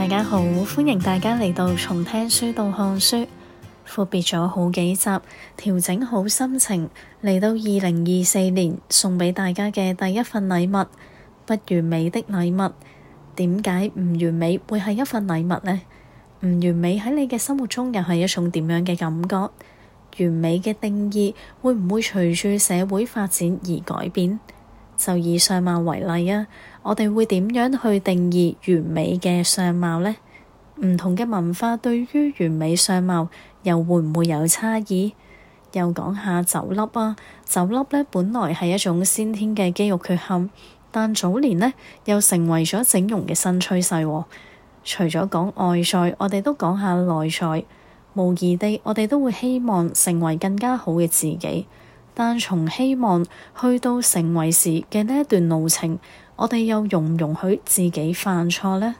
大家好，歡迎大家嚟到從聽書到看書，闊別咗好幾集，調整好心情嚟到二零二四年，送畀大家嘅第一份禮物——不完美的禮物。點解唔完美會係一份禮物呢？唔完美喺你嘅心目中又係一種點樣嘅感覺？完美嘅定義會唔會隨住社會發展而改變？就以相貌為例啊，我哋會點樣去定義完美嘅相貌呢？唔同嘅文化對於完美相貌又會唔會有差異？又講下酒粒啊，酒粒呢本來係一種先天嘅肌肉缺陷，但早年呢又成為咗整容嘅新趨勢喎。除咗講外在，我哋都講下內在。無疑地，我哋都會希望成為更加好嘅自己。但從希望去到成為時嘅呢一段路程，我哋又容唔容許自己犯錯呢？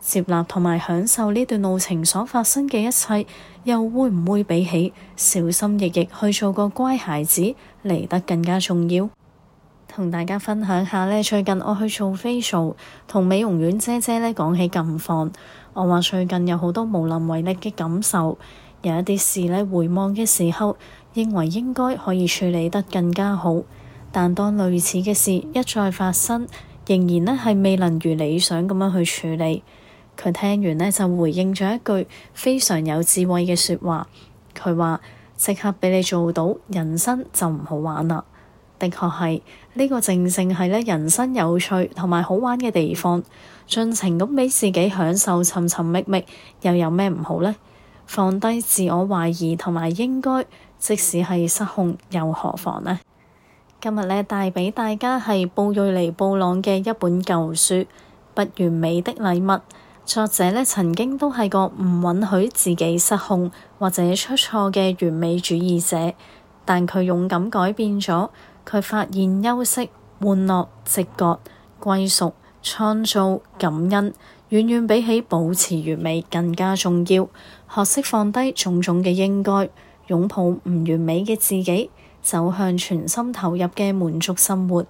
接納同埋享受呢段路程所發生嘅一切，又會唔會比起小心翼翼去做個乖孩子嚟得更加重要？同大家分享下呢。最近我去做 facial，同美容院姐姐呢講起近況，我話最近有好多無能為力嘅感受，有一啲事呢，回望嘅時候，認為應該可以處理得更加好，但當類似嘅事一再發生，仍然咧係未能如理想咁樣去處理。佢聽完呢，就回應咗一句非常有智慧嘅說話。佢話：即刻畀你做到，人生就唔好玩啦。的確係呢個正正係咧人生有趣同埋好玩嘅地方，盡情咁畀自己享受尋尋覓覓，又有咩唔好呢？放低自我懷疑同埋應該，即使係失控又何妨呢？今日咧帶畀大家係布瑞尼布朗嘅一本舊書《不完美的禮物》，作者咧曾經都係個唔允許自己失控或者出錯嘅完美主義者，但佢勇敢改變咗，佢發現休息、玩樂、直覺、歸屬、創造、感恩，遠遠比起保持完美更加重要，學識放低種種嘅應該，擁抱唔完美嘅自己，走向全心投入嘅滿足生活。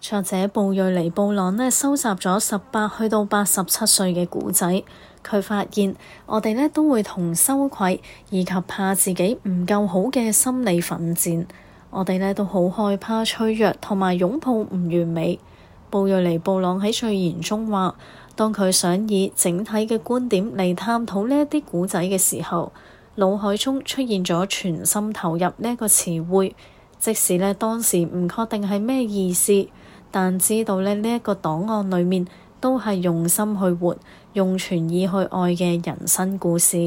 作者布瑞尼布朗咧，收集咗十八去到八十七歲嘅古仔，佢發現我哋咧都會同羞愧以及怕自己唔夠好嘅心理奮戰。我哋咧都好害怕脆弱，同埋擁抱唔完美。布瑞尼布朗喺序言中話。當佢想以整體嘅觀點嚟探討呢一啲古仔嘅時候，腦海中出現咗全心投入呢一個詞彙，即使呢當時唔確定係咩意思，但知道呢呢一個檔案裏面都係用心去活、用全意去愛嘅人生故事。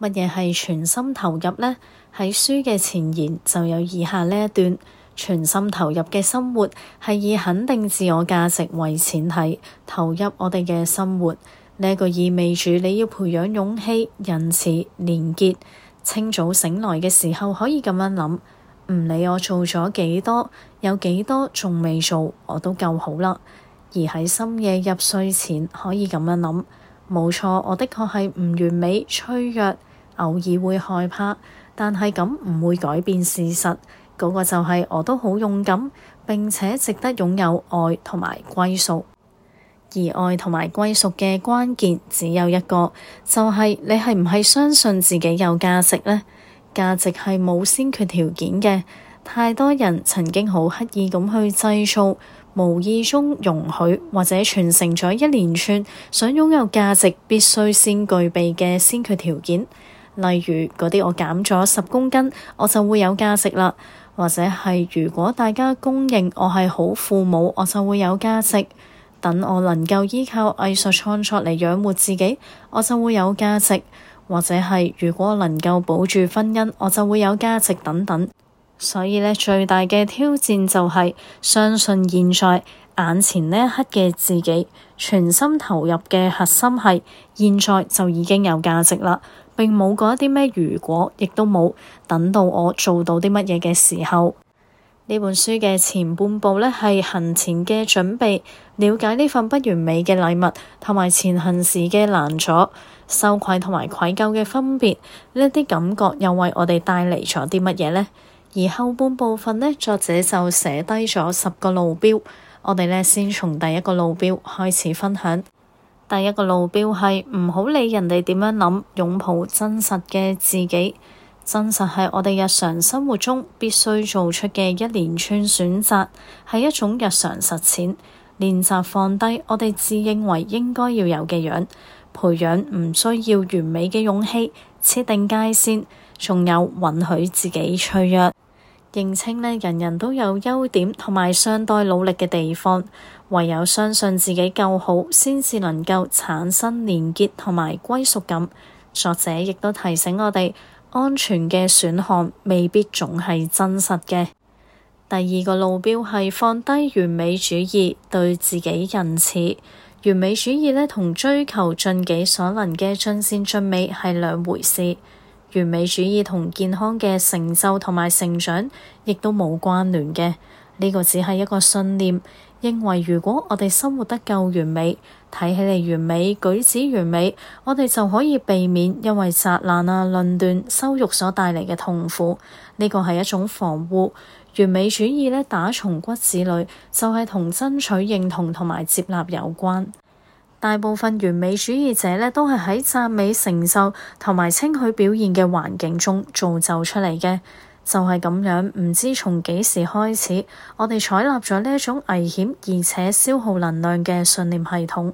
乜嘢係全心投入呢？喺書嘅前言就有以下呢一段。全心投入嘅生活，係以肯定自我價值為前提，投入我哋嘅生活呢個意味住你要培養勇氣、仁慈、廉潔。清早醒來嘅時候可以咁樣諗，唔理我做咗幾多，有幾多仲未做，我都夠好啦。而喺深夜入睡前可以咁樣諗，冇錯，我的確係唔完美、脆弱，偶爾會害怕，但係咁唔會改變事實。嗰個就係我都好勇敢，並且值得擁有愛同埋歸屬。而愛同埋歸屬嘅關鍵只有一個，就係你係唔係相信自己有價值呢？價值係冇先決條件嘅。太多人曾經好刻意咁去製造，無意中容許或者傳承咗一連串想擁有價值必須先具備嘅先決條件，例如嗰啲我減咗十公斤，我就會有價值啦。或者係如果大家公認我係好父母，我就會有價值；等我能夠依靠藝術創作嚟養活自己，我就會有價值；或者係如果能夠保住婚姻，我就會有價值等等。所以呢，最大嘅挑戰就係相信現在眼前呢一刻嘅自己，全心投入嘅核心係現在就已經有價值啦。並冇講一啲咩如果，亦都冇等到我做到啲乜嘢嘅時候。呢本書嘅前半部呢係行前嘅準備，了解呢份不完美嘅禮物，同埋前行時嘅難阻、羞愧同埋愧疚嘅分別。呢啲感覺又為我哋帶嚟咗啲乜嘢呢？而後半部分呢，作者就寫低咗十個路標，我哋呢，先從第一個路標開始分享。第一個路標係唔好理人哋點樣諗，擁抱真實嘅自己。真實係我哋日常生活中必須做出嘅一連串選擇，係一種日常實踐練習，練習放低我哋自認為應該要有嘅樣，培養唔需要完美嘅勇氣，設定界線，仲有允許自己脆弱。認清咧，人人都有優點同埋尚待努力嘅地方，唯有相信自己夠好，先至能夠產生連結同埋歸屬感。作者亦都提醒我哋，安全嘅選項未必總係真實嘅。第二個路標係放低完美主義，對自己仁慈。完美主義咧，同追求盡己所能嘅盡善盡美係兩回事。完美主義同健康嘅成就同埋成長亦都冇關聯嘅，呢、這個只係一個信念，認為如果我哋生活得夠完美，睇起嚟完美，舉止完美，我哋就可以避免因為責難啊、論斷、羞辱所帶嚟嘅痛苦。呢、這個係一種防護。完美主義呢打從骨子裏就係、是、同爭取認同同埋接納有關。大部分完美主義者呢，都係喺讚美成就、承受同埋稱許表現嘅環境中造就出嚟嘅。就係、是、咁樣，唔知從幾時開始，我哋採納咗呢一種危險而且消耗能量嘅信念系統。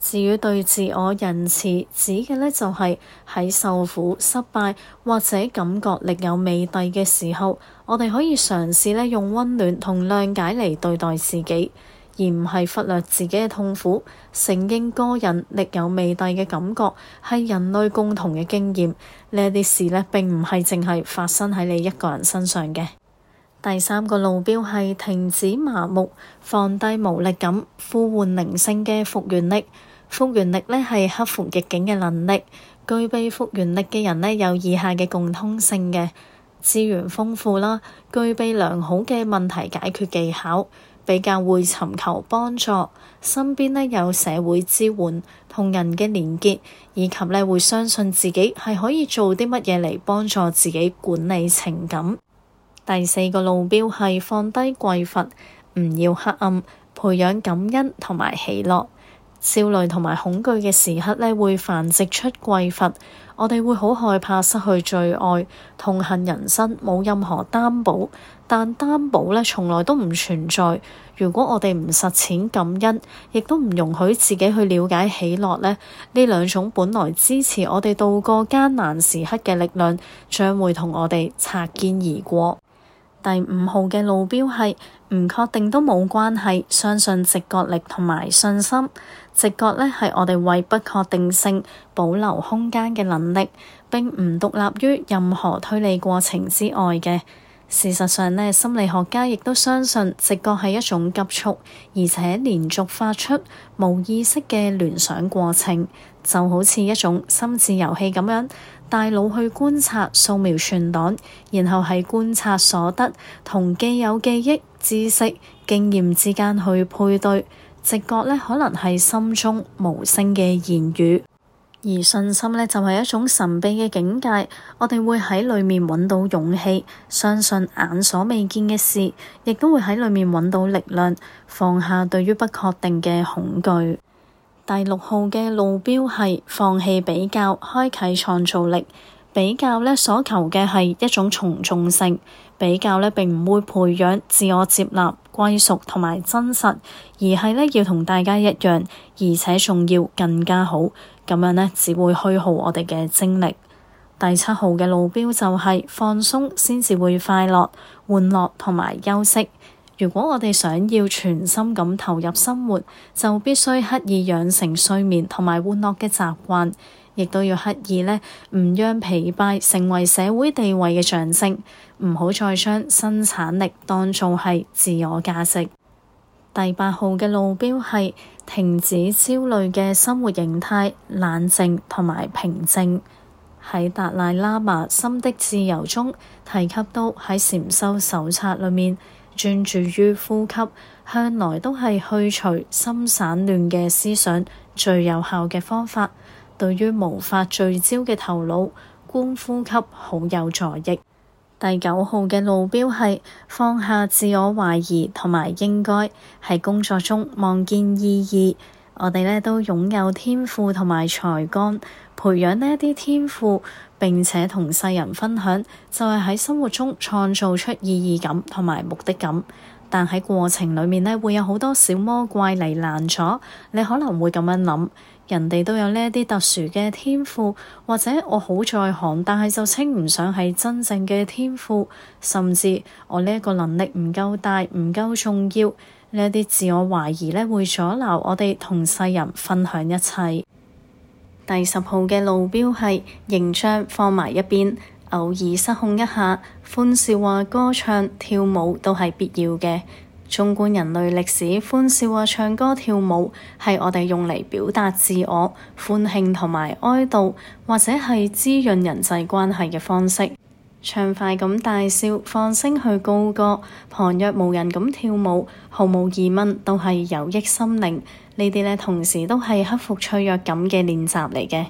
至於對自我仁慈，指嘅呢就係、是、喺受苦、失敗或者感覺力有未逮嘅時候，我哋可以嘗試呢，用溫暖同諒解嚟對待自己。而唔係忽略自己嘅痛苦，承認個人力有未逮嘅感覺係人類共同嘅經驗。呢啲事呢，並唔係淨係發生喺你一個人身上嘅。第三個路標係停止麻木，放低無力感，呼喚靈性嘅復原力。復原力呢，係克服逆境嘅能力。具備復原力嘅人呢，有以下嘅共通性嘅：資源豐富啦，具備良好嘅問題解決技巧。比較會尋求幫助，身邊咧有社會支援同人嘅連結，以及咧會相信自己係可以做啲乜嘢嚟幫助自己管理情感。第四個路標係放低匱乏，唔要黑暗，培養感恩同埋喜樂。少女同埋恐懼嘅時刻咧，會繁殖出匱乏。我哋會好害怕失去最愛，痛恨人生冇任何擔保，但擔保咧從來都唔存在。如果我哋唔實踐感恩，亦都唔容許自己去了解喜樂咧，呢兩種本來支持我哋度過艱難時刻嘅力量，將會同我哋擦肩而過。第五號嘅路標係唔確定都冇關係，相信直覺力同埋信心。直覺咧係我哋為不確定性保留空間嘅能力，並唔獨立於任何推理過程之外嘅。事實上咧，心理學家亦都相信直覺係一種急促而且連續發出冇意識嘅聯想過程，就好似一種心智遊戲咁樣。大腦去觀察、掃描、存檔，然後喺觀察所得同既有記憶、知識、經驗之間去配對。直覺呢，可能係心中無聲嘅言語，而信心呢，就係、是、一種神秘嘅境界。我哋會喺裏面揾到勇氣，相信眼所未見嘅事，亦都會喺裏面揾到力量，放下對於不確定嘅恐懼。第六號嘅路標係放棄比較，開啟創造力。比較咧，所求嘅係一種從眾性，比較咧，並唔會培養自我接納、歸屬同埋真實，而係咧要同大家一樣，而且仲要更加好。咁樣咧，只會虛耗我哋嘅精力。第七號嘅路標就係放鬆，先至會快樂、玩樂同埋休息。如果我哋想要全心咁投入生活，就必須刻意養成睡眠同埋歡樂嘅習慣，亦都要刻意咧唔讓疲憊成為社會地位嘅象徵，唔好再將生產力當做係自我價值。第八號嘅路標係停止焦慮嘅生活形態，冷靜同埋平靜，喺達賴喇嘛《心的自由》中提及到喺禪修手冊裏面。專注於呼吸，向來都係去除心散亂嘅思想最有效嘅方法。對於無法聚焦嘅頭腦，觀呼吸好有助益。第九號嘅路標係放下自我懷疑，同埋應該喺工作中望見意義。我哋呢都擁有天賦同埋才幹。培養呢一啲天賦，並且同世人分享，就係喺生活中創造出意義感同埋目的感。但喺過程裏面呢，會有好多小魔怪嚟難咗。你可能會咁樣諗：人哋都有呢一啲特殊嘅天賦，或者我好在行，但係就稱唔上係真正嘅天賦，甚至我呢一個能力唔夠大，唔夠重要，呢一啲自我懷疑咧，會阻撓我哋同世人分享一切。第十號嘅路標係形象放埋一邊，偶爾失控一下，歡笑啊歌唱、跳舞都係必要嘅。縱觀人類歷史，歡笑啊唱歌、跳舞係我哋用嚟表達自我、歡慶同埋哀悼，或者係滋潤人際關係嘅方式。暢快咁大笑，放聲去高歌，旁若無人咁跳舞，毫無疑問，都係有益心靈。你呢啲咧，同時都係克服脆弱感嘅練習嚟嘅。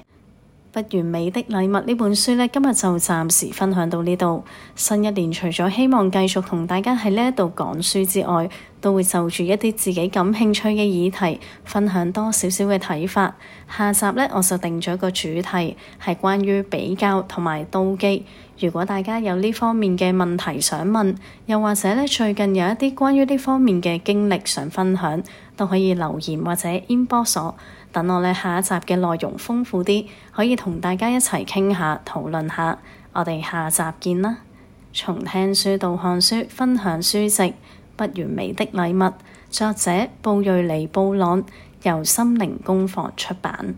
不完美的禮物呢本書呢，今日就暫時分享到呢度。新一年除咗希望繼續同大家喺呢一度講書之外，都會就住一啲自己感興趣嘅議題，分享多少少嘅睇法。下集呢，我就定咗個主題，係關於比較同埋妒忌。如果大家有呢方面嘅問題想問，又或者呢，最近有一啲關於呢方面嘅經歷想分享。都可以留言或者 inbox 我，等我哋下一集嘅內容豐富啲，可以同大家一齊傾下討論下，我哋下集見啦。從聽書到看書，分享書籍，不完美的禮物，作者布瑞尼布朗，由心靈工坊出版。